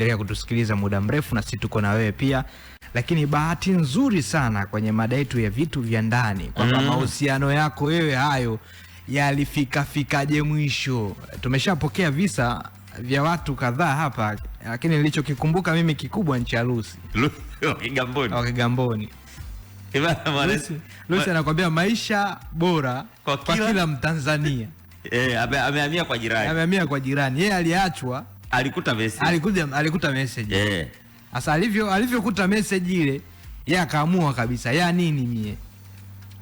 endelea kutusikiliza muda mrefu, na sisi tuko na wewe pia, lakini bahati nzuri sana kwenye mada yetu ya vitu vya ndani kwamba mm. mahusiano yako wewe hayo yalifikafikaje mwisho. Tumeshapokea visa vya watu kadhaa hapa, lakini nilichokikumbuka mimi kikubwa ni cha Lucy Kigamboni. Lucy anakuambia maisha bora kwa kila, kila Mtanzania. Eh, ameamia kwa jirani, ameamia kwa jirani, yeye aliachwa alikuta message, alikuja alikuta message eh. Sasa alivyo alivyokuta message ile, yeye akaamua kabisa, ya nini mie,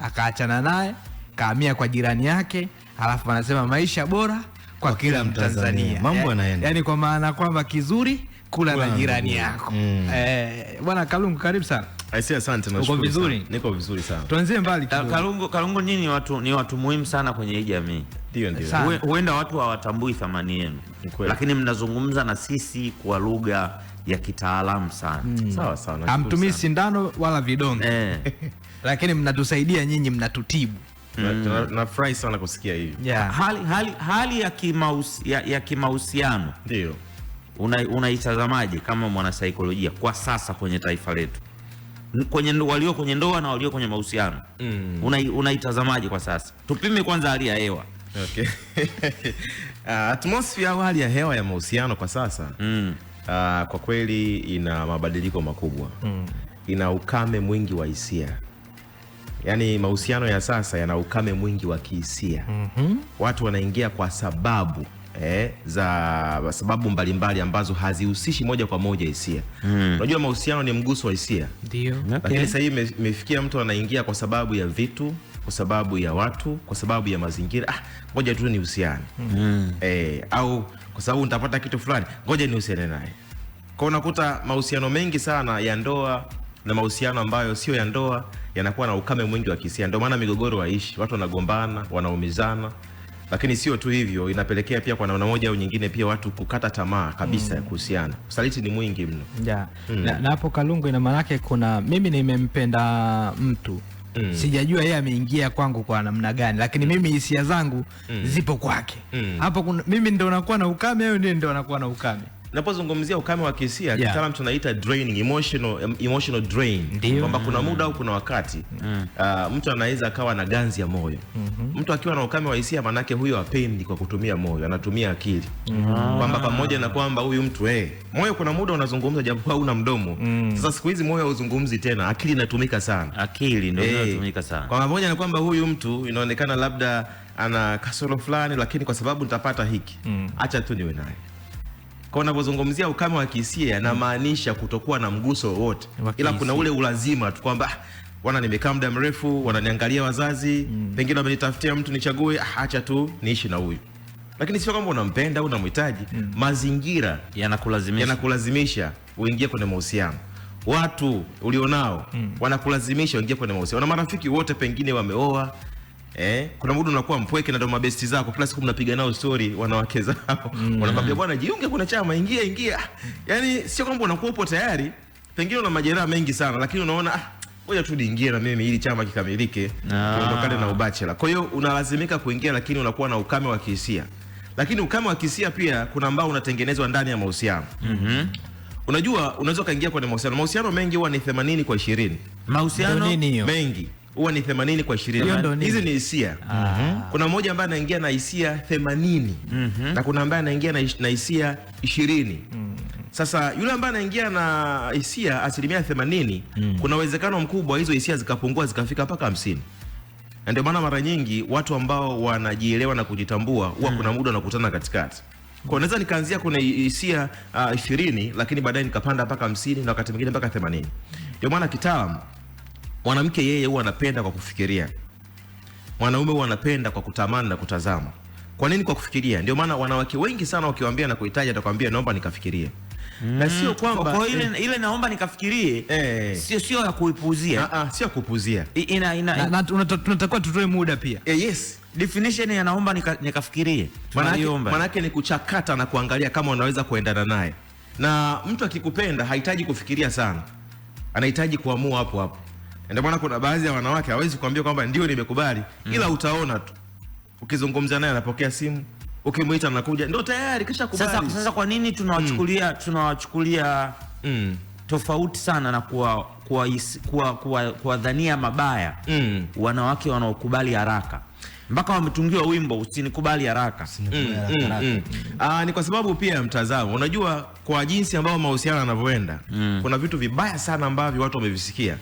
akaachana naye, kaamia kwa jirani yake, alafu anasema maisha bora kwa kila Mtanzania. Mambo eh, yanaenda yani, kwa maana kwamba kizuri kula, kula na jirani yako mm. Eh, bwana Kalungu, karibu sana. Aisee, asante nashukuru. Uko vizuri? Niko vizuri sana. Tuanzie mbali eh, kidogo. Kalungu, Kalungu nyinyi watu ni watu muhimu sana kwenye hii jamii. Ndio, ndio. Huenda watu hawatambui thamani yenu. Lakini mnazungumza na sisi kwa lugha ya kitaalamu sana. Hmm. Sawa sawa. Hamtumii sindano wala vidonge. Eh. Lakini mnatusaidia nyinyi, mnatutibu. Mm. Nafurahi sana kusikia hivi. Yeah. Hali, hali, hali ya kimahusiano ya, ya kimahusiano. Ndio. Unaitazamaje una kama mwanasaikolojia kwa sasa kwenye taifa letu? kwenye walio kwenye ndoa na walio kwenye mahusiano mm. Unaitazamaje una kwa sasa? Tupime kwanza hali ya hewa okay. Uh, atmosphere au hali ya hewa ya mahusiano kwa sasa mm. Uh, kwa kweli ina mabadiliko makubwa mm. Ina ukame mwingi wa hisia yaani mahusiano ya sasa yana ukame mwingi wa kihisia mm -hmm. Watu wanaingia kwa sababu eh, za sababu mbalimbali mbali ambazo hazihusishi moja kwa moja hisia. Hmm. Unajua mm. mahusiano ni mguso wa hisia. Ndio. Okay. Lakini sasa hii imefikia mtu anaingia kwa sababu ya vitu, kwa sababu ya watu, kwa sababu ya mazingira. Ah, ngoja tu nihusiane. Mm. Eh, au kwa sababu nitapata kitu fulani, ngoja nihusiane naye. Kwa unakuta mahusiano mengi sana ya ndoa na mahusiano ambayo sio ya ndoa yanakuwa na ukame mwingi wa kihisia. Ndio maana migogoro haishi, watu wanagombana, wanaumizana lakini sio tu hivyo, inapelekea pia kwa namna moja au nyingine pia watu kukata tamaa kabisa mm. kuhusiana. Usaliti ni mwingi mno yeah. mm. na, na hapo Kalungu, ina maana yake kuna mimi nimempenda mtu Mm. Sijajua yeye ameingia kwangu kwa namna gani, lakini mm. mimi hisia zangu mm. zipo kwake mm. hapo kuna, mimi ndo nakuwa na ukame, au ndio ndo anakuwa na ukame. Napozungumzia ukame wa kihisia yeah. Kitaalamu tunaita draining, emotional, emotional drain kwamba kuna mm. muda au kuna wakati mm. Uh, mtu anaweza akawa na ganzi ya moyo mm -hmm. Mtu akiwa na ukame wa hisia manake huyo apendi kwa kutumia moyo, anatumia akili mm -hmm. Kwamba pamoja na kwamba huyu mtu eh, hey, moyo kuna muda unazungumza japo hauna mdomo mm. Sasa siku hizi moyo hauzungumzi tena, akili inatumika sana, akili ndio hey. Eh, inatumika sana kwa pamoja na kwamba huyu mtu inaonekana labda ana kasoro fulani, lakini kwa sababu nitapata hiki mm. Acha tu niwe naye kwa unavyozungumzia ukame wa kihisia yanamaanisha kutokuwa na mguso wowote, ila kuna ule ulazima tu kwamba ah, wana nimekaa muda mrefu, wananiangalia wazazi mm. pengine wamenitafutia mtu nichague, ah, acha tu niishi na huyu, lakini sio kwamba unampenda au unamhitaji mm. mazingira yanakulazimisha, yanakulazimisha uingie kwenye mahusiano watu ulionao mm. wanakulazimisha uingie kwenye mahusiano. na marafiki wote pengine wameoa Eh, kuna muda unakuwa mpweke na ndo mabesti zako kila siku mnapiga nao story wanawake zao mm. Wanakwambia bwana, jiunge kuna chama, ingia ingia. Yaani sio kwamba unakuwa upo tayari, pengine una majeraha mengi sana, lakini unaona ah, ngoja tu niingie na mimi ili chama kikamilike, tuondokane ah. na ubachela. Kwa hiyo unalazimika kuingia, lakini unakuwa na ukame wa kihisia. Lakini ukame wa kihisia pia kuna ambao unatengenezwa ndani ya mahusiano mm -hmm. Unajua, unaweza kaingia kwenye mahusiano, mahusiano mengi huwa ni 80 kwa 20, mahusiano mengi huwa ni 80 kwa 20. Hizi ni hisia. Ah. Kuna mmoja ambaye anaingia na hisia 80 mm-hmm. na kuna ambaye anaingia na hisia 20. mm-hmm. Sasa yule ambaye anaingia na hisia asilimia 80, mm. kuna uwezekano mkubwa hizo hisia zikapungua zikafika mpaka 50. Na ndio maana mara nyingi watu ambao wanajielewa na kujitambua huwa mm. kuna muda wanakutana katikati. Kwa naweza nikaanzia kuna hisia uh, ah, 20 lakini baadaye nikapanda mpaka 50 na wakati mwingine mpaka 80. Ndio maana kitaalamu Mwanamke yeye huwa anapenda kwa kufikiria, mwanaume huwa anapenda kwa kutamani na kutazama. Kwa nini? Kwa kufikiria. Ndio maana wanawake wengi sana wakiwaambia na kuhitaji, atakwambia naomba nikafikirie. Mm, na sio kwamba kwa eh, ile ile naomba nikafikirie eh, sio sio ya kuipuuzia. Ah ah, sio kupuuzia. Ina ina tunatakiwa tutoe muda pia. Eh, yes. Definition ya naomba nika, nikafikirie. Maana yake ni kuchakata na kuangalia kama unaweza kuendana naye. Na mtu akikupenda hahitaji kufikiria sana. Anahitaji kuamua hapo hapo. Ndio maana kuna baadhi ya wanawake hawezi kuambia kwamba ndio nimekubali, mm. ila utaona tu ukizungumza naye anapokea simu, ukimwita anakuja, ndio tayari kisha kubali. Sasa, sasa kwa nini tunawachukulia mm. tunawachukulia mm. tofauti sana na kuwa kuwadhania mabaya mm. wanawake wanaokubali haraka mpaka wametungiwa wimbo usinikubali haraka. Mm, mm, mm, mm. Ah, ni kwa sababu pia mtazamo, unajua kwa jinsi ambayo mahusiano yanavyoenda mm. kuna vitu vibaya sana ambavyo watu wamevisikia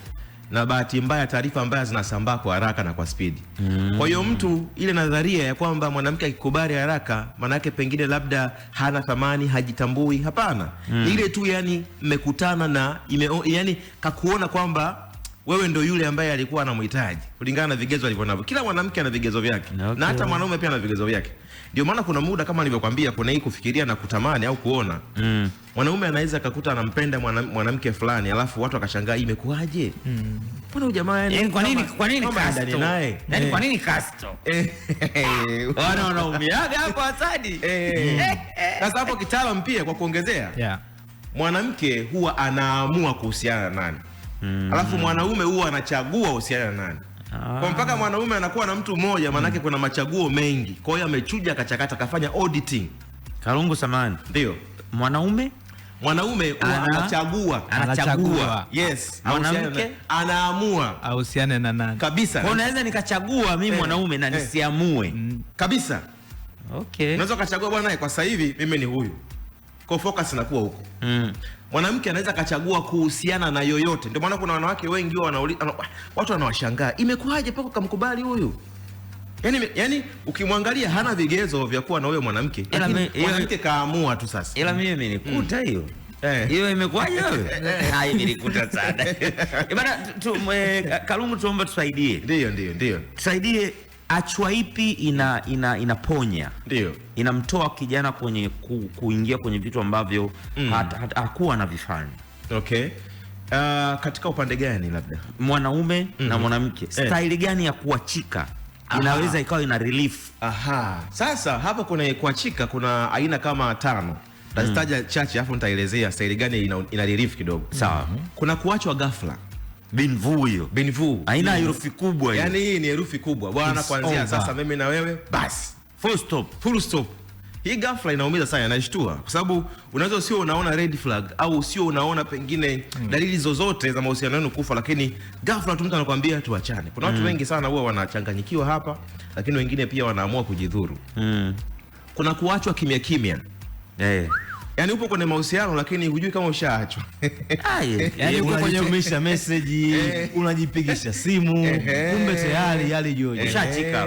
na bahati mbaya taarifa mbaya zinasambaa kwa haraka na kwa spidi mm. Kwa hiyo mtu, ile nadharia ya kwamba mwanamke akikubali haraka maana yake pengine labda hana thamani, hajitambui, hapana mm. Ile tu yani mmekutana na ime, yani kakuona kwamba wewe ndo yule ambaye alikuwa anamhitaji kulingana na vigezo alivyo navyo. Kila mwanamke ana vigezo vyake okay. Na hata mwanaume pia ana vigezo vyake. Ndio maana kuna muda kama nilivyokuambia, kuna hii kufikiria na kutamani au kuona mm. Mwanaume anaweza akakuta anampenda mwanamke fulani, alafu watu akashangaa imekuaje? mm. Mbona jamaa yani, yaani kwa nini kwa nini kasto naye yani, kwa eh. nini Casto eh. wana wanaumiaga hapo Hasadi? Eh. Sasa hapo kitaalam pia kwa kuongezea yeah. Mwanamke huwa anaamua kuhusiana na nani mm. Alafu mwanaume huwa anachagua uhusiana na nani Ah. Kwa mpaka mwanaume anakuwa na mtu mmoja maanake mm. kuna machaguo mengi. Kwa hiyo amechuja akachakata akafanya auditing. Karungu samani. Ndio. Mwanaume mwanaume anachagua, anachagua. Yes. Mwanamke anaamua ahusiane na nani. Kabisa. Kwa unaweza nikachagua mimi eh. mwanaume na eh. nisiamue. Kabisa. Okay. Unaweza ukachagua bwana, kwa sasa hivi mimi ni huyu. Kwa focus inakuwa huko. Mm. Mwanamke anaweza akachagua kuhusiana na yoyote. Ndio maana kuna wanawake wengi wanauliza watu wanawashangaa. Imekuwaje pako kamkubali huyu? Yaani yani, ukimwangalia hana vigezo vya kuwa na huyo mwanamke. Mwanamke kaamua tu sasa. Ila mimi nilikuta mm. hiyo. Eh. Hiyo imekuwaje wewe? Eh. Hai nilikuta sana. Ibana tu tu, eh, Kalungu tuomba tusaidie. Ndio ndio ndio. Tusaidie ipi ina ina inaponya, ndio inamtoa kijana kwenye ku, kuingia kwenye vitu ambavyo mm. hakuwa anavifanya. Okay. Uh, katika upande gani labda mwanaume mm. na mwanamke eh. staili gani ya kuachika inaweza ikawa ina relief. Aha. Sasa hapa kuna kuachika, kuna aina kama tano nitazitaja mm. chache, afu nitaelezea staili gani ina, ina relief kidogo. Sawa. mm -hmm. kuna kuachwa ghafla Benvu hiyo. aina ya herufi kubwa hiyo. yani hii ni herufi kubwa. Bwana kuanzia sasa mimi na wewe basi. Full stop. Full stop. Hii ghafla inaumiza sana, inashtua kwa sababu unaweza usio unaona red flag au usio unaona pengine mm. dalili zozote za mahusiano yenu kufa, lakini ghafla tu mtu anakuambia tuachane. Kuna watu mm. wengi sana huwa wanachanganyikiwa hapa, lakini wengine pia wanaamua kujidhuru mm. kuna kuachwa kimya kimya eh. Yaani upo kwenye mahusiano lakini hujui kama ushaachwa. Eh, yaani uko kwenye umesha message, eh. unajipigisha simu, eh, kumbe tayari yale jojo. Ushachika.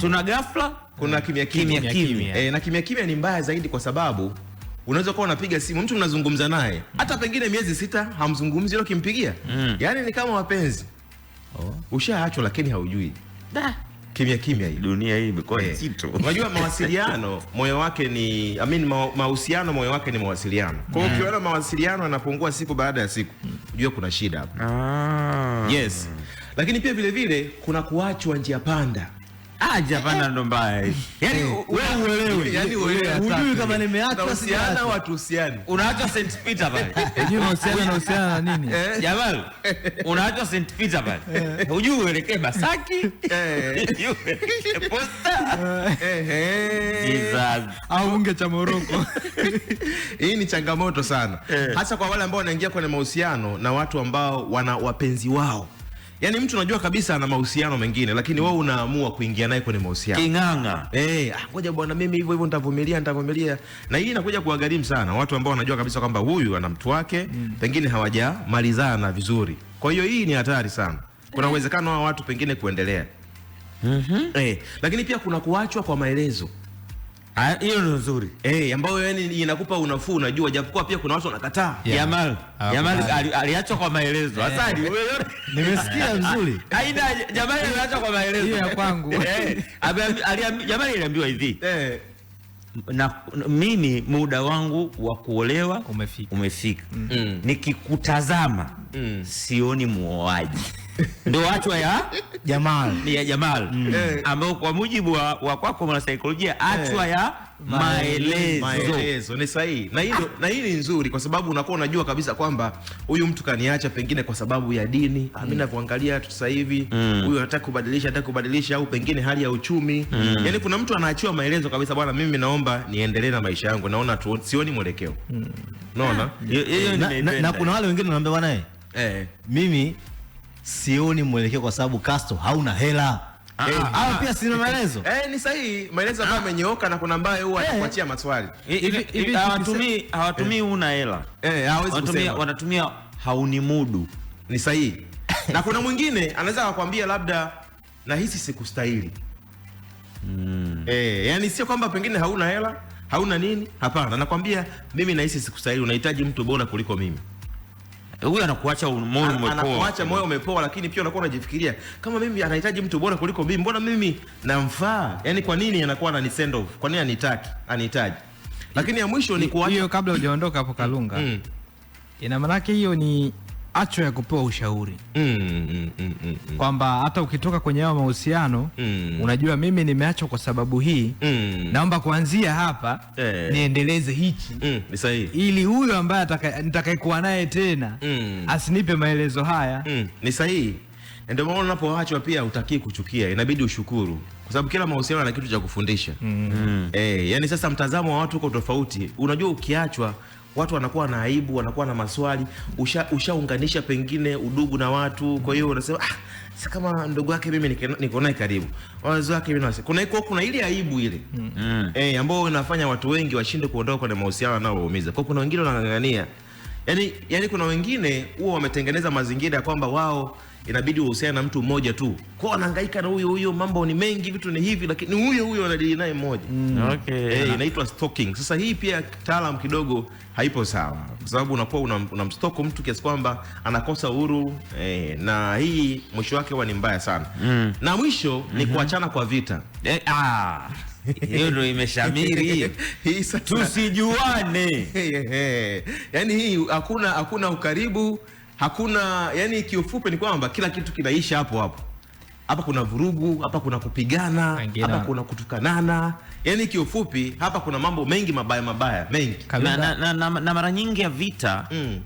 Tuna ghafla, kuna kimya kimya Eh, na kimya kimya ni mbaya zaidi kwa sababu unaweza kuwa unapiga simu mtu mnazungumza naye hata pengine miezi sita hamzungumzi kimpigia ukimpigia. Mm. yani ni kama wapenzi. Oh. Ushaachwa lakini haujui. Da kimya kimya, hii dunia hii imekuwa eh. nzito. Unajua mawasiliano moyo wake ni I mean, mahusiano moyo wake ni mawasiliano. Kwa hiyo mm. ukiona mawasiliano yanapungua siku baada ya siku, unajua kuna shida hapo. Ah. Yes. Lakini pia vile vile kuna kuachwa njia panda aje hapana, ndo mbaya. hivi Yani eh, wewe uelewe, yani wewe unajui kama nimeacha usiana watu usiani, unaacha St Peter pale, unajui eh, mahusiano na usiana na nini eh. jamal unaacha St Peter pale, unajua uelekee Basaki, eh posta, eh au unge cha Moroko. Hii ni changamoto sana, hasa kwa wale ambao wanaingia kwenye mahusiano na watu ambao wana wapenzi wao Yaani mtu unajua kabisa ana mahusiano mengine lakini wewe unaamua kuingia naye kwenye mahusiano. Kinganga. Eh, ah, ngoja bwana mimi hivyo hivyo nitavumilia nitavumilia. Na hii inakuja kuwagharimu sana watu ambao wanajua kabisa kwamba huyu ana mtu wake, mm. pengine hawajamalizana vizuri. Kwa hiyo hii ni hatari sana. Kuna eh. uwezekano wa watu pengine kuendelea. Mhm. Mm eh, lakini pia kuna kuachwa kwa maelezo. Ah, hiyo ndio nzuri eh, ambayo yani inakupa unafuu, unajua, japokuwa pia kuna watu wanakataa. Jamal Jamal ah, aliachwa kwa maelezo eh. hasa. Nimesikia nzuri aina Jamal aliachwa kwa maelezo hiyo ya kwangu. Eh, Jamal aliambiwa hivi eh. na mimi muda wangu wa kuolewa umefika, umefika. Mm. Nikikutazama mm. sioni muoaji ndoachwa ya Jamal ni ya Jamal mm. Eh, ambao kwa mujibu wa, wa kwako mwanasaikolojia eh. achwa ya maelezo, maelezo ni sahihi, na hilo na hili ni nzuri, kwa sababu unakuwa unajua kabisa kwamba huyu mtu kaniacha pengine kwa sababu ya dini mm. mimi navyoangalia tu sasa hivi mm. huyu anataka kubadilisha, anataka kubadilisha, au pengine hali ya uchumi mm. yani kuna mtu anaachiwa maelezo kabisa, bwana, mimi naomba niendelee na maisha yangu, naona tu sioni mwelekeo mm. unaona, na, na, na kuna wale wengine wanaambia bwana eh, eh. mimi sioni mwelekeo kwa sababu Castro hauna hela. Ah, eh, ah, ah, pia sina maelezo. Eh, ni sahihi. Maelezo ambayo ah. amenyooka na kuna ambayo huwa eh. anakuachia maswali. Hivi hawatumii hawatumii eh. una hela. Eh, hawezi kusema. Wanatumia hauni mudu. Ni sahihi. Na kuna mwingine anaweza akakwambia labda nahisi sikustahili. Mm. Eh, yani sio kwamba pengine hauna hela, hauna nini? Hapana, nakwambia mimi nahisi sikustahili, unahitaji mtu bora kuliko mimi. Eh, huyu anakuacha moyo umepoa, anakuacha moyo umepoa, lakini pia unakuwa unajifikiria kama mimi anahitaji mtu bora kuliko mimi, mbona mimi namfaa? Yani kwa nini anakuwa send off? Kwa nini anitaki anihitaji? Lakini ya mwisho ni kuacha hiyo. Kabla hujaondoka hapo, Kalunga, mm. ina maana hiyo ni acho ya kupewa ushauri mm, mm, mm, mm, kwamba hata ukitoka kwenye hayo mahusiano mm, unajua mimi nimeachwa kwa sababu hii mm, naomba kuanzia hapa eh, niendeleze hichi mm, ili huyo ambaye nitakayekuwa naye tena mm, asinipe maelezo haya mm, ni sahihi. Ndio maana unapoachwa pia utakii kuchukia, inabidi ushukuru kwa sababu kila mahusiano yana kitu cha kufundisha mm. Eh, yani sasa mtazamo wa watu uko tofauti. Unajua ukiachwa watu wanakuwa na aibu, wanakuwa na maswali. Ushaunganisha usha pengine udugu na watu, kwa hiyo unasema ah, si kama ndugu yake mimi niko naye karibu, wazazi wake mimi nasema, Kuna iko kuna ile aibu ile mm. eh, ambayo inafanya watu wengi washinde kuondoka kwenye mahusiano yanayowaumiza. Kwa kuna wengine wanang'ang'ania, yani yani, kuna wengine huwa wametengeneza mazingira ya kwamba wao inabidi uhusiane na mtu mmoja tu, kwa anahangaika na huyo huyo, mambo ni mengi, vitu ni hivi, lakini huyo huyo anadili naye mmoja mm. mm. Okay, hey, eh, inaitwa stalking. Sasa hii pia taalam kidogo haipo sawa, kwa sababu unakuwa unamstalk una mtu kiasi kwamba anakosa uhuru eh, na hii mwisho wake huwa ni mbaya sana mm. na mwisho mm -hmm. ni mm-hmm. kuachana kwa vita eh, ah. Hiyo ndio imeshamiri tusijuane. Yaani hii hakuna hakuna ukaribu hakuna yani, kiufupi ni kwamba kila kitu kinaisha hapo hapo. Hapa kuna vurugu, hapa kuna kupigana, hapa kuna kutukanana. Yani kiufupi hapa kuna mambo mengi mabaya mabaya mengi na, na, na, na, na mara nyingi ya vita mm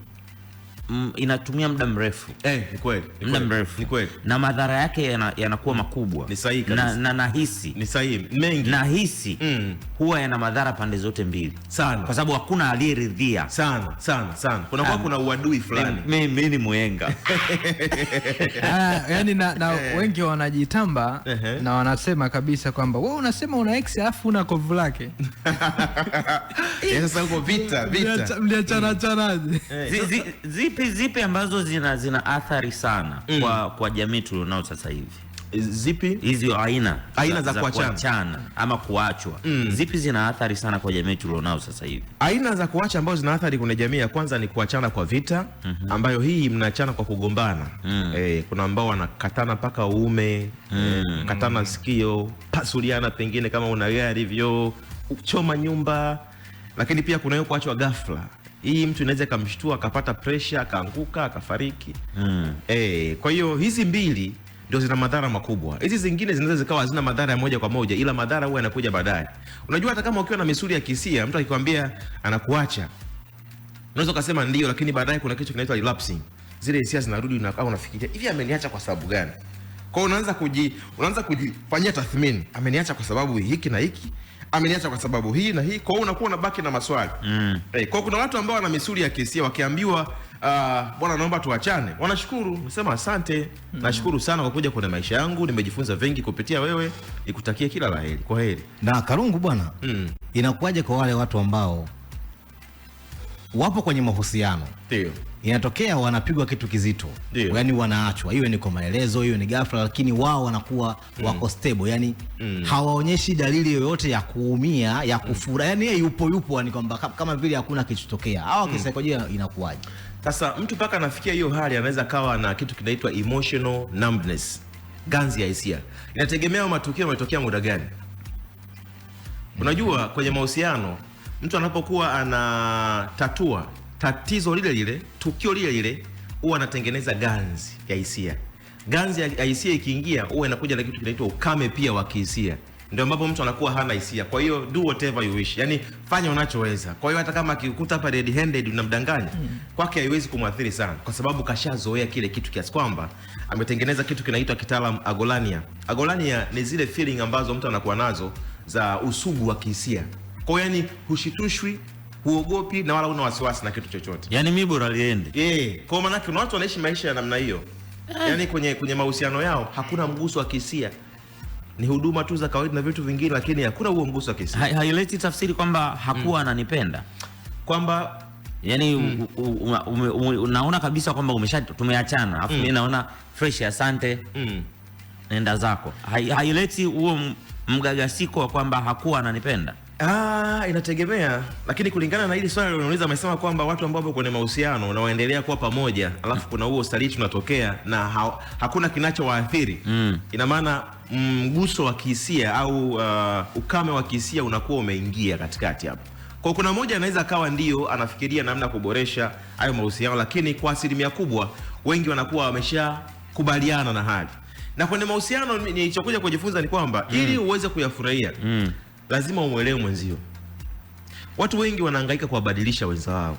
m, inatumia muda mrefu eh, ni kweli, muda mrefu ni kweli, na madhara yake yanakuwa yana makubwa. Ni sahihi kabisa, na nahisi ni sahihi mengi, nahisi mm, huwa yana madhara pande zote mbili sana, kwa sababu hakuna aliyeridhia sana sana sana, kuna kwa kuna uadui fulani. Mimi mimi ni mwenga ah, yani na, na eh. wengi wanajitamba na wanasema kabisa kwamba wewe unasema una ex alafu una kovu lake eh, sasa uko vita vita mliachana chanaje eh. zi, zi, zi, zipi zipi ambazo zina zina athari sana mm. kwa kwa jamii tulionao sasa hivi? Zipi hizo aina aina za, za kuachana. ama kuachwa mm. zipi zina athari sana kwa jamii tulionao sasa hivi? Aina za kuacha ambazo zina athari kwenye jamii, ya kwanza ni kuachana kwa vita mm -hmm. ambayo hii mnaachana kwa kugombana mm. Eh, kuna ambao wanakatana mpaka uume eh, mm. eh, katana sikio, pasuliana, pengine kama una gari hivyo, choma nyumba, lakini pia kuna hiyo kuachwa ghafla hii mtu inaweza ikamshtua akapata presha akaanguka akafariki. mm. E, kwa hiyo hizi mbili ndio zina madhara makubwa. Hizi zingine zinaweza zikawa hazina madhara ya moja kwa moja, ila madhara huwa yanakuja baadaye. Unajua, hata kama ukiwa na misuli ya kisia, mtu akikwambia anakuacha, unaweza ukasema ndio, lakini baadaye kuna kitu kinaitwa relapsing. Zile hisia zinarudi, unakaa unafikiria, hivi ameniacha kwa sababu gani? Kwa hiyo unaanza kuji unaanza kujifanyia tathmini, ameniacha kwa sababu hiki na hiki ameniacha kwa sababu hii na hii, kwa hiyo unakuwa unabaki na maswali mm. Hey, eh, kwa kuna watu ambao wana misuli ya kihisia wakiambiwa, uh, bwana naomba tuachane, wanashukuru nasema asante mm. Nashukuru sana kwa kuja kwenye maisha yangu, nimejifunza vingi kupitia wewe, nikutakie kila la heri, kwa heri. Na karungu bwana mm. Inakuwaje kwa wale watu ambao wapo kwenye mahusiano ndio inatokea wanapigwa kitu kizito, yani wanaachwa, iwe ni kwa maelezo, iwe ni ghafla, lakini wao wanakuwa mm. wako stable, yani mm. hawaonyeshi dalili yoyote ya kuumia ya kufura mm. yani yupo yupo, ni yaani kwamba kama vile hakuna kichotokea. Hawa mm. kisaikolojia inakuwaje? Sasa mtu mpaka anafikia hiyo hali, anaweza kawa na kitu kinaitwa emotional numbness, ganzi ya hisia. Inategemea matukio yametokea muda gani. Unajua, kwenye mahusiano mtu anapokuwa anatatua tatizo lile lile, tukio lile lile huwa anatengeneza ganzi ya hisia. Ganzi ya hisia ikiingia, huwa inakuja na kitu kinaitwa ukame pia wa kihisia, ndio ambapo mtu anakuwa hana hisia. Kwa hiyo do whatever you wish, yani fanya unachoweza. Kwa hiyo hata kama akikuta hapa red handed unamdanganya mm, kwake haiwezi kumwathiri sana, kwa sababu kashazoea kile kitu kiasi kwamba ametengeneza kitu kinaitwa kitaalam agolania. Agolania ni zile feeling ambazo mtu anakuwa nazo za usugu wa kihisia. Kwa hiyo yani, hushitushwi huogopi na wala una wasiwasi na kitu chochote. Yaani mimi bora liende. Eh, kwa maana kuna watu wanaishi maisha ya namna hiyo. Yaani kwenye kwenye mahusiano yao hakuna mguso wa kihisia. Ni huduma tu za kawaida na vitu vingine lakini hakuna huo mguso wa kihisia. Ha, haileti tafsiri kwamba hakuwa mm. ananipenda. Kwamba yaani mm. naona kabisa kwamba umesha tumeachana. Alafu mm. mimi mm. naona fresh asante. Mm. Nenda zako. Haileti huo mgagasiko wa kwamba hakuwa ananipenda. Ah, inategemea, lakini kulingana na hili swali liloniuliza, amesema kwamba watu ambao wapo kwenye mahusiano na waendelea kuwa pamoja, alafu kuna huo usaliti unatokea na ha hakuna kinachowaathiri mm. Ina maana mm, mguso wa kihisia au uh, ukame wa kihisia unakuwa umeingia katikati hapo. Kwa kuna mmoja anaweza akawa ndio anafikiria namna kuboresha hayo mahusiano, lakini kwa asilimia kubwa wengi wanakuwa wameshakubaliana na hali na kwenye mahusiano. Nilichokuja kujifunza ni kwamba mm. ili uweze kuyafurahia mm lazima umwelewe mwenzio. Watu wengi wanahangaika kuwabadilisha wenza wao,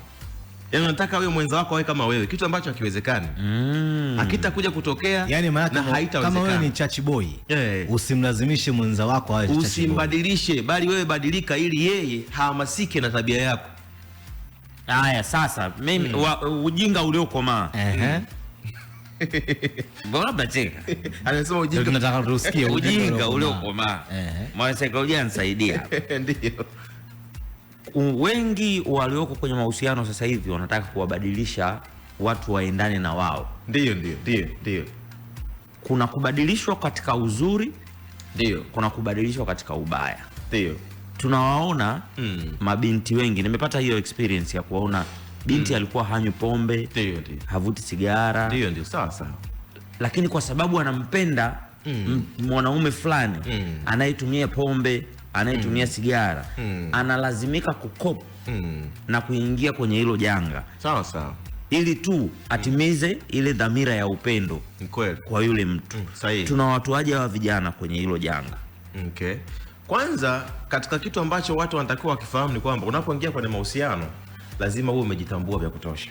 yaani wanataka wewe mwenza wako awe kama wewe, kitu ambacho hakiwezekani mm. hakitakuja kutokea yani, na haitawezekana. Kama wewe ni chachi boy yeah. usimlazimishe mwenza wako awe chachi boy, usimbadilishe, bali wewe badilika, ili yeye hahamasike na tabia yako. Haya sasa, mimi mm. ujinga uliokomaa uh -huh. mm. Mbona mnacheka? Anasema ujinga. Tunataka tusikie ujinga ule uko uliokomaa. Mwanasaikolojia nisaidia Ndio. Wengi walioko kwenye mahusiano sasa hivi wanataka kuwabadilisha watu waendane na wao. Ndio, ndio, ndio, ndio. Kuna kubadilishwa katika uzuri, ndio. Kuna kubadilishwa katika ubaya. Ndio. Tunawaona mm, mabinti wengi. Nimepata hiyo experience ya kuwaona binti mm. alikuwa hanywi pombe ndio, ndio. havuti sigara ndio, ndio. Sawa, sawa. Lakini kwa sababu anampenda mm. mwanaume fulani mm. anayetumia pombe anayetumia mm. sigara mm. analazimika kukop mm. na kuingia kwenye hilo janga sawa, sawa ili tu mm. atimize ile dhamira ya upendo Mkweli. kwa yule mtu mm, tuna watuaje wa vijana kwenye hilo janga? Okay. Kwanza katika kitu ambacho watu wanatakiwa wakifahamu ni kwamba unapoingia kwenye mahusiano lazima uwe umejitambua vya kutosha.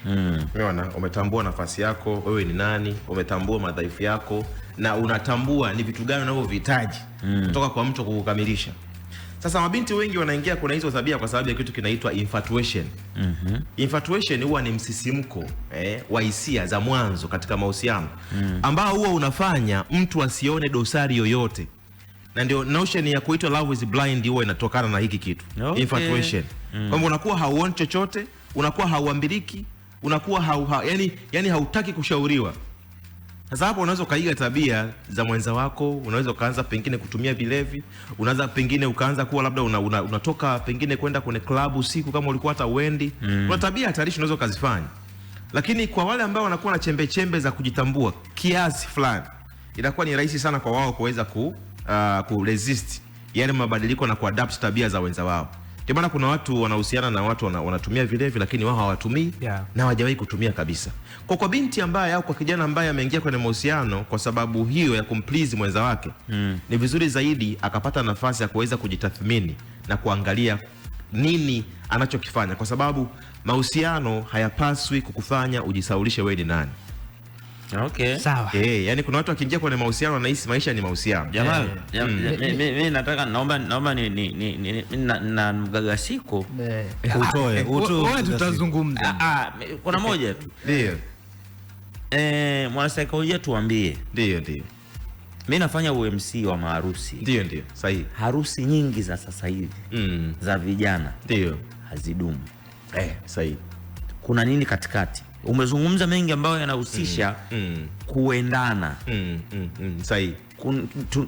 Umeona mm. Umetambua nafasi yako, wewe ni nani, umetambua madhaifu yako na unatambua ni vitu gani unavyovihitaji mm. kutoka kwa mtu kukukamilisha. Sasa mabinti wengi wanaingia kuna hizo tabia kwa sababu ya kitu kinaitwa infatuation. mm -hmm. Infatuation huwa ni msisimko eh, wa hisia za mwanzo katika mahusiano mm. ambao huwa unafanya mtu asione dosari yoyote na ndio notion ya kuitwa love is blind huwa inatokana na hiki kitu okay. Infatuation mm. kwamba unakuwa hauoni chochote unakuwa hauambiliki, unakuwa hau, ha, yani, yani hautaki kushauriwa. Sasa hapo unaweza ukaiga tabia za mwenza wako, unaweza ukaanza pengine kutumia vilevi, unaweza pengine ukaanza kuwa labda una, una, unatoka pengine kwenda kwenye klabu usiku kama ulikuwa hata uendi. Mm. una tabia hatarishi unaweza ukazifanya, lakini kwa wale ambao wanakuwa na chembe chembe za kujitambua kiasi fulani, inakuwa ni rahisi sana kwa wao kuweza ku, uh, kuresist yale mabadiliko na kuadapt tabia za wenza wao. Ndio maana kuna watu wanahusiana na watu wanatumia vilevi, lakini wao hawatumii yeah. na hawajawahi kutumia kabisa. Kwa kwa binti ambaye au kwa kijana ambaye ameingia kwenye mahusiano kwa sababu hiyo ya kumplizi mwenza wake mm. ni vizuri zaidi akapata nafasi ya kuweza kujitathmini na kuangalia nini anachokifanya, kwa sababu mahusiano hayapaswi kukufanya ujisaulishe wewe ni nani. Okay. Sawa. Eh, hey, yani kuna watu wakiingia kwenye mahusiano wanahisi maisha ni mahusiano. Jamani, eh, mm. mimi nataka naomba naomba ni ni ni, na mgaga mgagasiko eh. utoe. Utoe tutazungumza. Ah, ah, kuna moja tu. Ndio. Eh, mwanasaikolojia tuambie. Ndio, ndio. Mimi nafanya UMC wa maharusi. Ndio, ndio. Sahihi. Harusi nyingi za sasa hivi mm. za vijana. Ndio. Hazidumu. Eh, sahihi. Kuna nini katikati? umezungumza mengi ambayo yanahusisha mm, mm, kuendana mm, mm, mm, sahihi.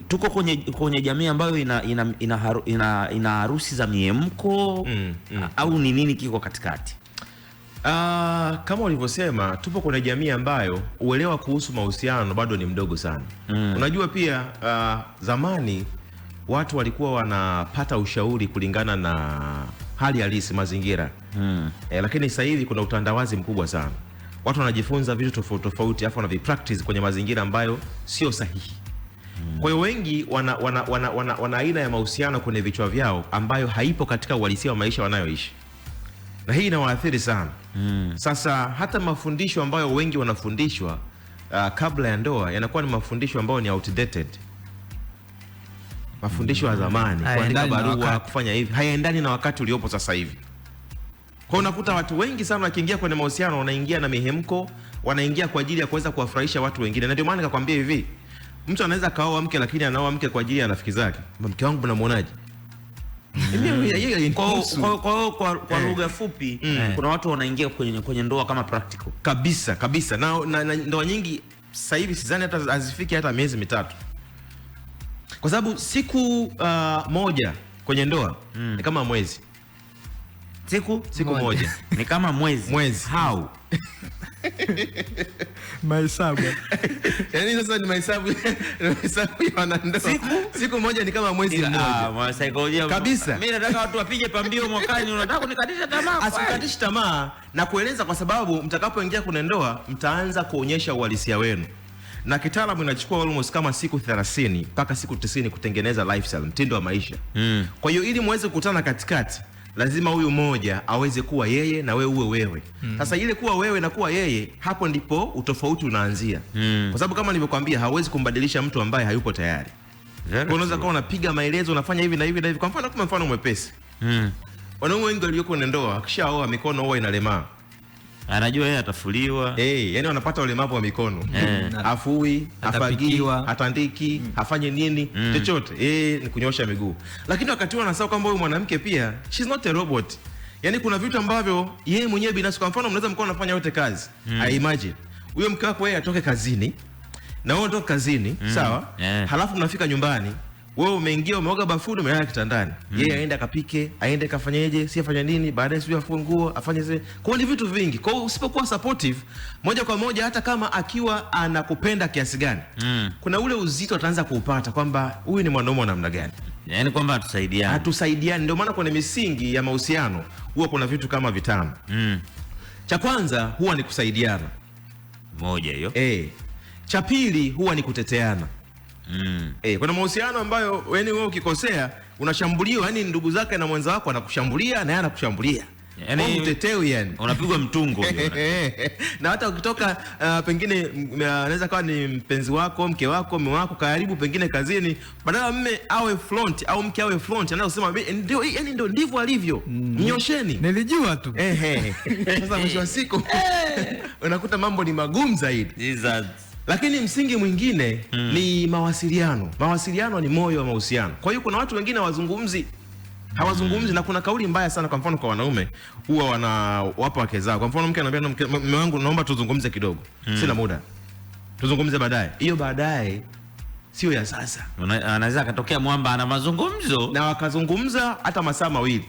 Tuko kwenye, kwenye jamii ambayo ina, ina, ina, ina, ina harusi za miemko mm, mm, au ni nini kiko katikati? Uh, kama ulivyosema tupo kwenye jamii ambayo uelewa kuhusu mahusiano bado ni mdogo sana mm. Unajua pia uh, zamani watu walikuwa wanapata ushauri kulingana na hali halisi mazingira mm. Eh, lakini sasa hivi kuna utandawazi mkubwa sana watu wanajifunza vitu tofauti tofauti, afu wanavipractice kwenye mazingira ambayo sio sahihi. Hmm. Kwa hiyo wengi wana wana, wana, wana, wana aina ya mahusiano kwenye vichwa vyao ambayo haipo katika uhalisia wa maisha wanayoishi, na hii inawaathiri sana mm. Sasa hata mafundisho ambayo wengi wanafundishwa uh, kabla ya ndoa yanakuwa ni mafundisho ambayo ni outdated, mafundisho ya mm. zamani, kuandika barua, kufanya hivi hayaendani na wakati uliopo sasa hivi. Kwa unakuta watu wengi sana wakiingia kwenye mahusiano wanaingia na mihemko, wanaingia kwa ajili ya kuweza kuwafurahisha watu wengine. Na ndio maana nikakwambia hivi, mtu anaweza kaoa mke lakini anaoa mke kwa ajili ya rafiki zake. Mke wangu mnamuonaje? Kwa lugha fupi, mm. kuna watu wanaingia kwenye kwenye ndoa kama practical kabisa kabisa, na, na, na ndoa nyingi sasa hivi sidhani hata hazifiki hata miezi mitatu, kwa sababu siku uh, moja kwenye ndoa mm. ni kama mwezi siku siku moja ni kama mwezi mwezi, how mahesabu yani, sasa ni mahesabu mahesabu ya wanandoa. Siku siku moja ni kama mwezi mmoja. Ah, saikolojia kabisa. Mimi nataka watu wapige pambio mwakani, unataka kunikatisha tamaa? Asikukatishe tamaa na kueleza, kwa sababu mtakapoingia kwenye ndoa mtaanza kuonyesha uhalisia wenu na kitaalamu inachukua almost kama siku 30 mpaka siku 90 kutengeneza lifestyle, mtindo wa maisha mm. Kwa hiyo ili muweze kukutana katikati lazima huyu moja aweze kuwa yeye na wewe uwe wewe. Mm. Sasa mm. ile kuwa wewe na kuwa yeye, hapo ndipo utofauti unaanzia mm. kwa sababu kama nilivyokuambia, hawezi kumbadilisha mtu ambaye hayupo tayari. Unaweza kuwa unapiga maelezo, unafanya hivi na hivi na hivi. Kwa mfano, kama mfano mwepesi mm. wanaume wengi walioko na ndoa akishaoa mikono huwa inalemaa anajua yeye atafuliwa. Hey, eh, yani wanapata ulemavu wa mikono hey. Eh. Afui, afagiwa, atandiki mm. afanye nini mm. chochote hey, eh, ni kunyosha miguu, lakini wakati huo anasahau kwamba huyu mwanamke pia she's not a robot. Yani kuna vitu ambavyo yeye mwenyewe binafsi, kwa mfano, mnaweza mkao anafanya yote kazi mm. I imagine huyo mke wako yeye atoke kazini na wewe kazini mm. sawa yeah. halafu mnafika nyumbani wewe umeingia umeoga bafuni umelala kitandani mm. Yeye aende akapike, aende kafanyeje, si afanye nini, baadaye sio afue nguo afanye zile. Kwa ni vitu vingi. Kwa usipokuwa supportive moja kwa moja, hata kama akiwa anakupenda kiasi gani mm. kuna ule uzito ataanza kuupata kwamba huyu ni mwanaume wa namna gani, yaani kwamba hatusaidiani, hatusaidiani. Ndio maana kwenye misingi ya mahusiano huwa kuna vitu kama vitano mm. cha kwanza huwa ni kusaidiana, moja hiyo eh. Cha pili huwa ni kuteteana Mm. Eh, kuna mahusiano ambayo yani wewe ukikosea unashambuliwa, yani ndugu zake na mwenza wako anakushambulia na yeye anakushambulia. Yaani utetewi yani. Unapigwa mtungo Na hata ukitoka uh, pengine uh, anaweza kawa ni mpenzi wako, mke wako, mume wako karibu pengine kazini, badala mme awe front au mke awe front anayosema ndio yani ndio ndivyo alivyo. Mm. nyosheni Nilijua tu. Eh eh. Sasa mwisho wa siku eh. unakuta mambo ni magumu zaidi. Jesus. Lakini msingi mwingine hmm. ni mawasiliano. Mawasiliano ni moyo wa mahusiano. Kwa hiyo kuna watu wengine hawazungumzi hawazungumzi na kuna kauli mbaya sana. Kwa mfano, kwa wanaume huwa wanawapa wake zao. Kwa mfano, mke anamwambia mume wangu, naomba tuzungumze kidogo hmm. sina muda, tuzungumze baadaye. Hiyo baadaye sio ya sasa. Anaweza akatokea mwamba ana mazungumzo na wakazungumza hata masaa mawili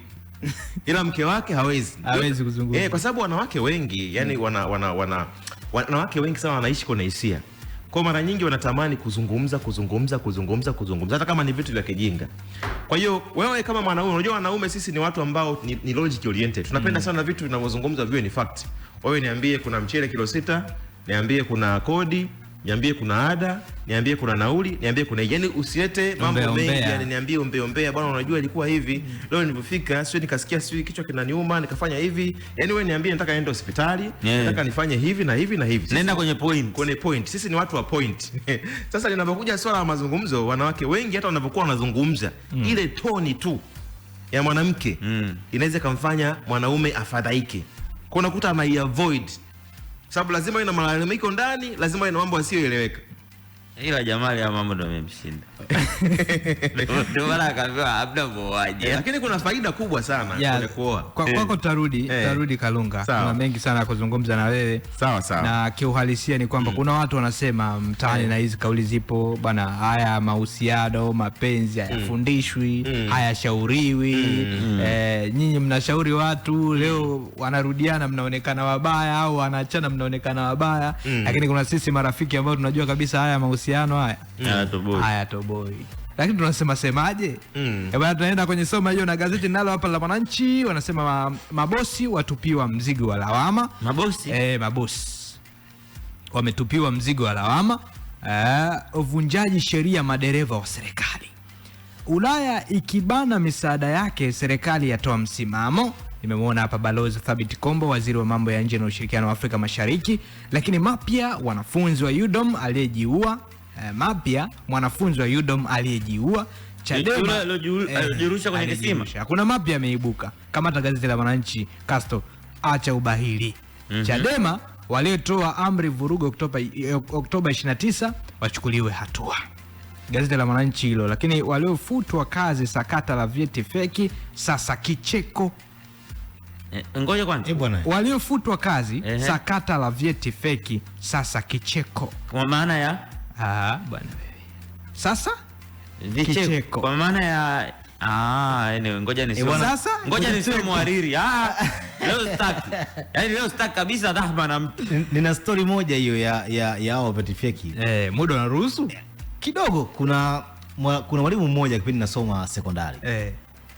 ila mke wake hawezi hawezi kuzungumza eh, kwa sababu wanawake wengi yani mm. wana, wana, wana wanawake wengi sana wanaishi kwa hisia kwa mara nyingi wanatamani kuzungumza kuzungumza kuzungumza kuzungumza hata kama ni vitu vya kijinga. Kwa hiyo wewe kama mwanaume, unajua wanaume sisi ni watu ambao ni, ni logic oriented tunapenda mm. sana vitu vinavyozungumzwa viwe ni fact. Wewe niambie kuna mchele kilo sita, niambie kuna kodi niambie kuna ada, niambie kuna nauli, niambie kuna yani, usilete mambo mengi yani, niambie ombe ombe bwana, unajua ilikuwa hivi, mm. leo nilipofika sio nikasikia, sio kichwa kinaniuma, nikafanya hivi. Yani wewe niambie, nataka niende hospitali, nataka nifanye hivi na hivi na hivi. Nenda kwenye point, kwenye point. Sisi ni watu wa point. Sasa linapokuja swala la mazungumzo, wanawake wengi hata wanapokuwa wanazungumza, mm. ile toni tu ya mwanamke mm. inaweza kumfanya mwanaume afadhaike, kwa unakuta avoid sababu lazima iwe na malalamiko ndani, lazima iwe na mambo yasiyoeleweka. Ila jamali ya mambo ndo amemshinda. Ndio maana akaambiwa hamna muoaji. Eh, lakini kuna faida kubwa sana yeah, kwenye kuoa. Kwa eh. kwako tutarudi, tutarudi eh. Kalunga. Kuna mengi sana kuzungumza na wewe. Sawa sawa. Na kiuhalisia ni kwamba mm, kuna watu wanasema mtaani na hizi kauli zipo bana, haya mahusiano, mapenzi mm. hayafundishwi, mm, hayashauriwi. Mm. Eh, nyinyi mnashauri watu leo wanarudiana mnaonekana wabaya au wanaachana mnaonekana wabaya. Mm. Lakini kuna sisi marafiki ambao tunajua kabisa haya mahusiano mahusiano haya mm. hayatoboi mm. Lakini tunasema semaje? mm. Eh, bwana, tunaenda kwenye soma hiyo na gazeti nalo hapa la Mwananchi, wanasema mabosi watupiwa mzigo wa lawama. Mabosi eh, mabosi wametupiwa mzigo wa lawama eh, uvunjaji sheria madereva wa serikali. Ulaya ikibana misaada yake, serikali yatoa msimamo. Nimemwona hapa Balozi Thabit Kombo, waziri wa mambo ya nje na ushirikiano wa Afrika Mashariki. Lakini mapya, wanafunzi wa UDOM aliyejiua Eh, mapya mwanafunzi wa UDOM aliyejiua Chadema alojirusha eh, kwenye kisima. Kuna mapya ameibuka, kama tangazo la Mwananchi Castro, acha ubahili. mm -hmm. Chadema waliotoa amri vurugu Oktoba, eh, Oktoba 29 wachukuliwe hatua. Gazeti la Mwananchi hilo, lakini waliofutwa kazi sakata la vyeti feki sasa kicheko. E, ngoja kwanza. E, Waliofutwa kazi Ehe. sakata la vyeti feki sasa kicheko. Kwa maana ya Ah, bwana Sasa vicheko kwa maana ya Ah, anyway, ngoja eh, ni sasa, ngoja ni sio mhariri. Ah, leo staki. Yaani leo staki kabisa dhahma na mtu. Nina story moja hiyo ya ya yao Patifeki. Eh, muda unaruhusu? Kidogo kuna mwa, kuna mwalimu mmoja kipindi nasoma sekondari. Eh.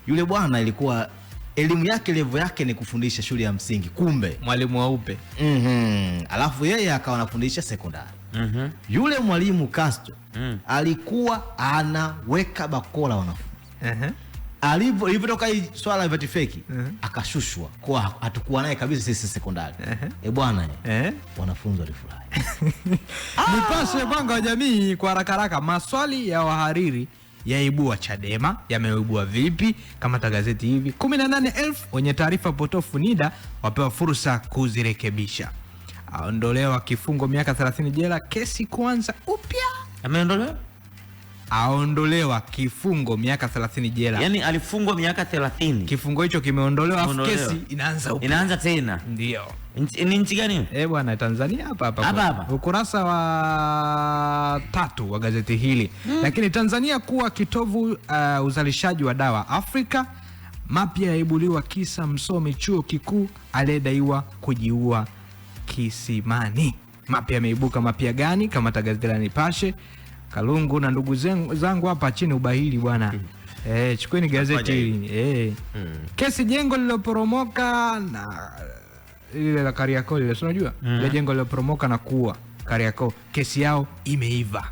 Yule bwana ilikuwa elimu yake levo yake ni kufundisha shule ya msingi. Kumbe mwalimu waupe. Mhm. Mm, alafu yeye akawa anafundisha sekondari mm -hmm. Yule mwalimu Castro mm. alikuwa anaweka bakora wanafunzi uh -huh. Alivyo ilivyotoka hii swala ya vyeti uh mhm. -huh. akashushwa kwa hatukuwa naye kabisa sisi sekondari uh -huh. eh bwana uh -huh. wanafunzi walifurahi. Nipashe mwanga wa jamii kwa haraka haraka, maswali ya wahariri yaibua Chadema yameibua vipi? Kama gazeti hivi 18,000 wenye taarifa potofu NIDA wapewa fursa kuzirekebisha aondolewa kifungo miaka 30 jela, kesi kuanza upya. Ameondolewa, aondolewa kifungo miaka 30 jela, yani alifungwa miaka 30, kifungo hicho kimeondolewa, afu kesi inaanza upya, inaanza tena. Ndio ni nchi gani? Eh bwana, Tanzania hapa hapa, ukurasa wa tatu wa gazeti hili hmm. Lakini Tanzania kuwa kitovu uh, uzalishaji wa dawa Afrika mapya yaibuliwa kisa msomi chuo kikuu aliyedaiwa kujiua kisimani. Mapya yameibuka. Mapya gani? Kama gazeti la Nipashe. Kalungu na ndugu zangu hapa chini ubahili bwana. Mm. Eh, chukueni gazeti hili. Eh. Mm. Kesi jengo liloporomoka na lile la Kariakoo lile, si unajua? Mm. Lile jengo liloporomoka na kuwa Kariakoo. Kesi yao imeiva.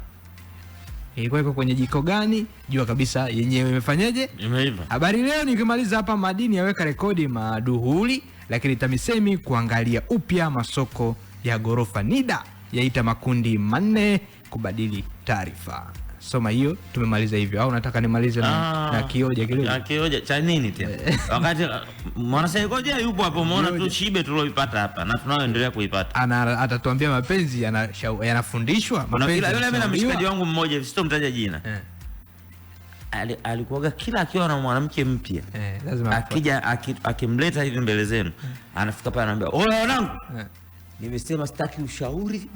Ilikuwa iko kwenye jiko gani? Jua kabisa yenyewe imefanyaje? Imeiva. Habari leo nikimaliza hapa, madini yaweka rekodi maduhuli lakini TAMISEMI kuangalia upya masoko ya ghorofa. NIDA yaita makundi manne kubadili taarifa. Soma hiyo, tumemaliza hivyo au unataka nimalize na, ah, na kioja kile na kioja cha nini tena? Eh. Wakati mwanasaikolojia yupo hapo, umeona tu shibe tuloipata hapa na tunaoendelea kuipata, ana atatuambia mapenzi yanafundishwa. Yule mimi na mshikaji wangu mmoja, sitomtaja jina eh alikuaga kila akiwa na mwanamke mpya eh, akija akimleta hivi mbele zenu eh. anafika pale anaambia oya wanangu eh. nimesema sitaki ushauri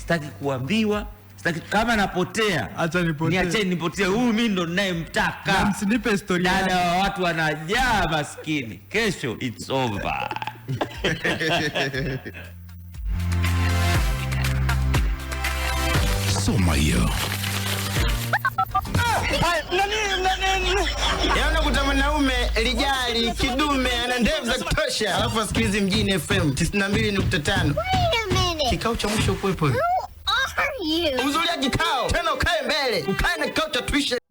sitaki kuambiwa sitaki kama napotea acha nipotee niacheni nipotee huyu mimi ndo ninayemtaka na msinipe story dada wa watu wanajaa maskini kesho it's over soma hiyo Yaona yaani kuta mwanaume lijali kidume ana ndevu za kutosha, alafu asikilizi Mjini FM 92.5. Kikao cha mwisho kuwepo. Uzulia kikao tena, ukae mbele, ukae na kikao cha tuishe